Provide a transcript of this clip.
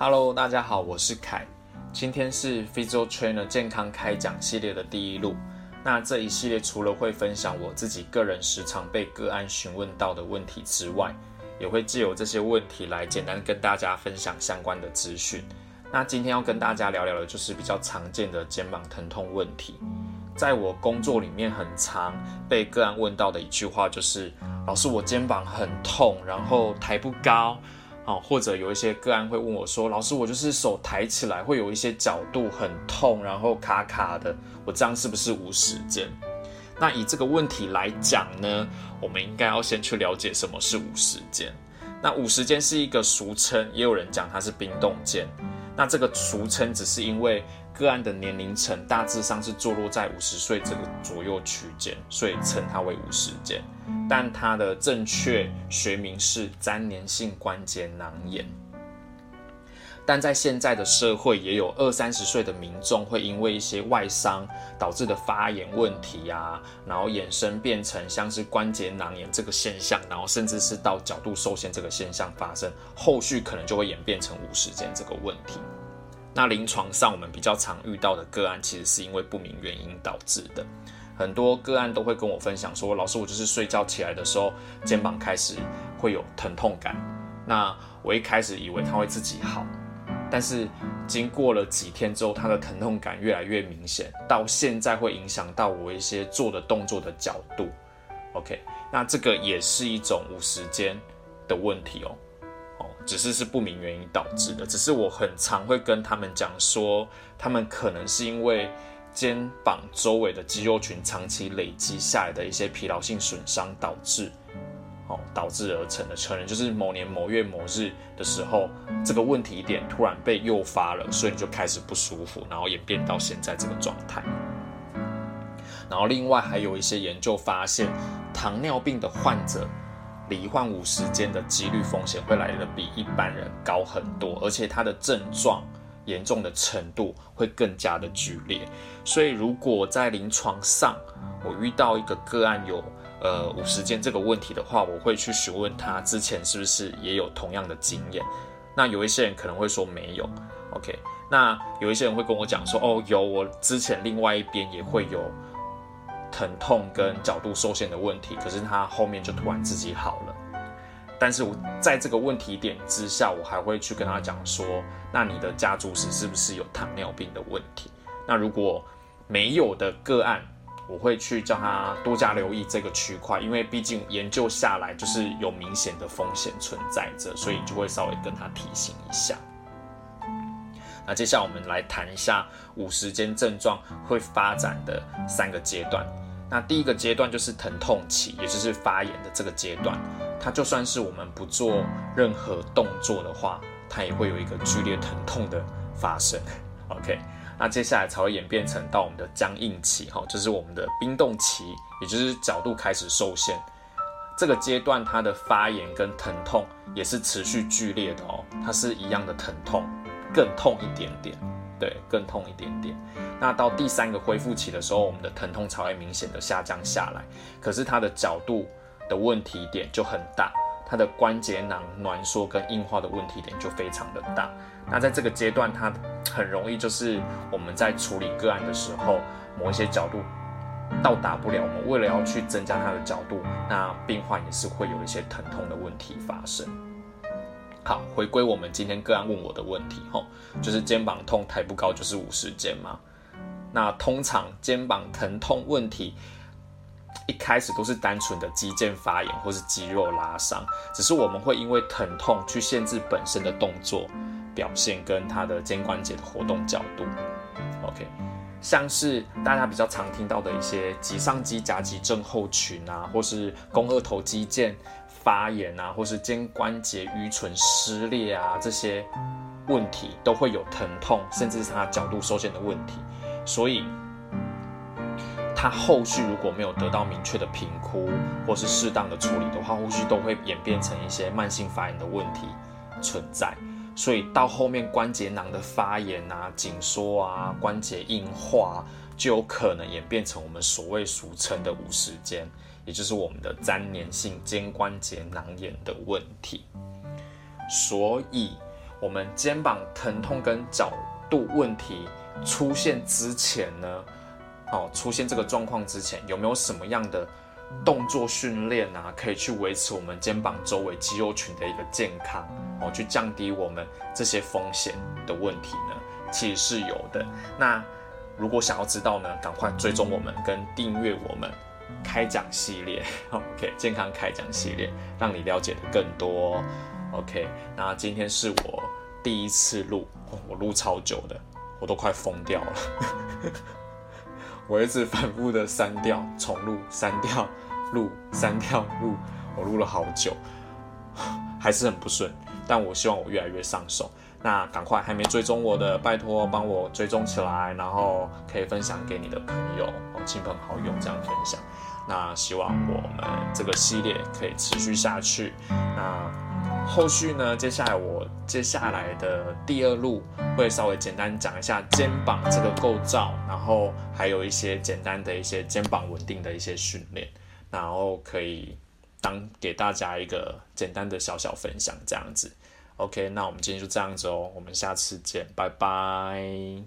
Hello，大家好，我是凱。今天是 Physical Trainer 健康開講系列的第一錄。那這一系列除了會分享我自己個人時常被個案詢問到的問題之外，也會借由這些問題來簡單跟大家分享相關的資訊。那今天要跟大家聊聊的就是比較常見的肩膀疼痛問題。在我工作裡面很常被個案問到的一句話就是：“老師，我肩膀很痛，然後抬不高。”哦，或者有一些個案會問我說：“老師，我就是手抬起來會有一些角度很痛，然後卡卡的，我這樣是不是五十肩？”那以這個問題來講呢，我們應該要先去了解什麼是五十肩。那五十肩是一個俗稱，也有人講它是冰凍肩，那這個俗稱只是因為個案的年齡層大致上是坐落在五十歲這個左右區間，所以稱它為五十肩。但它的正確學名是粘連性關節囊炎。但在現在的社會，也有二三十歲的民眾會因為一些外傷導致的發炎問題啊，然後衍生，變成像是關節囊炎這個現象，然後甚至是到角度受限這個現象發生，後續可能就會演變成五十肩這個問題。那臨床上我們比較常遇到的個案，其實是因為不明原因導致的。很多個案都會跟我分享說，老師，我就是睡覺起來的時候，肩膀開始會有疼痛感。那我一開始以為他會自己好，但是經過了幾天之後，他的疼痛感越來越明顯，到現在會影響到我一些做的動作的角度。OK，那這個也是一種五十肩的問題哦，哦，只是是不明原因導致的。只是我很常會跟他們講說，他們可能是因為。肩膀周圍的肌肉群長期累積下來的一些疲勞性損傷導致，哦，導致而成的。成人就是某年某月某日的時候，這個問題點突然被誘發了，所以你就開始不舒服，然後演變到現在這個狀態。然後另外還有一些研究發現，糖尿病的患者罹患五十肩的幾率風險會來得比一般人高很多，而且它的症狀。嚴重的程度會更加的劇烈，所以如果在臨床上我遇到一個個案有呃五十肩這個問題的話，我會去詢問他之前是不是也有同樣的經驗。那有一些人可能會說沒有，OK。那有一些人會跟我講說，哦，有，我之前另外一邊也會有疼痛跟角度受限的問題，可是他後面就突然自己好了。但是我在這個問題點之下，我還會去跟他講說，那你的家族史是不是有糖尿病的問題？那如果沒有的個案，我會去叫他多加留意這個區塊，因為畢竟研究下來就是有明顯的風險存在着，所以就會稍微跟他提醒一下。那接下來我們來談一下五十肩症狀會發展的三個階段。那第一個階段就是疼痛期，也就是發炎的這個階段。那就算是我們不做任何動作的話，它也會有一個劇烈疼痛的發生。OK，那接下來才會演變成到我們的僵硬期，吼，就是我們的冰凍期，也就是角度開始受限。這個階段它的發炎跟疼痛也是持續劇烈的哦，它是一樣的疼痛，更痛一點點，對，更痛一點點。那到第三個恢復期的時候，我們的疼痛才會明顯的下降下來，可是它的角度。的問題點就很大，它的關節囊攣縮跟硬化的問題點就非常的大。那在這個階段，它很容易就是我們在處理個案的時候，某一些角度到達不了。我們為了要去增加它的角度，那病患也是會有一些疼痛的問題發生。好，回歸我們今天個案問我的問題，吼，就是肩膀痛抬不高，就是五十肩嗎？那通常肩膀疼痛問題。一開始都是單純的肌腱發炎或是肌肉拉傷，只是我們會因為疼痛去限制本身的動作表現跟它的肩關節的活動角度。OK，像是大家比較常聽到的一些棘上肌夾肌症候群啊，或是肱二頭肌腱發炎啊，或是肩關節盂唇撕裂啊，這些問題都會有疼痛，甚至是它角度受限的問題，所以。它後續如果沒有得到明確的評估，或是適當的處理的話，後續都會演變成一些慢性發炎的問題存在。所以到後面關節囊的發炎啊、緊縮啊、關節硬化啊，就有可能演變成我們所謂俗稱的五十肩，也就是我們的沾黏性肩關節囊炎的問題。所以，我們肩膀疼痛跟角度問題出現之前呢？哦，出現這個狀況之前有沒有什麼樣的動作訓練啊，可以去維持我們肩膀周圍肌肉群的一個健康哦，去降低我們這些風險的問題呢？其實是有的。那如果想要知道呢，趕快追蹤我們跟訂閱我們開講系列，OK，健康開講系列，讓你了解得更多哦。OK，那今天是我第一次錄。哦，我錄超久的，我都快瘋掉了。 我一直反覆的刪掉、重錄、刪掉、錄、刪掉、錄，我錄了好久，還是很不順。但我希望我越來越上手。那趕快還沒追蹤我的，拜託幫我追蹤起來，然後可以分享給你的朋友、親、哦、親朋好友這樣分享。那希望我們這個系列可以持續下去。那。後續呢，接下來我接下來的第二錄會稍微簡單講一下肩膀這個構造，然後還有一些簡單的一些肩膀穩定的一些訓練，然後可以當給大家一個簡單的小小分享這樣子。OK，那我們今天就這樣子哦，我們下次見，拜拜。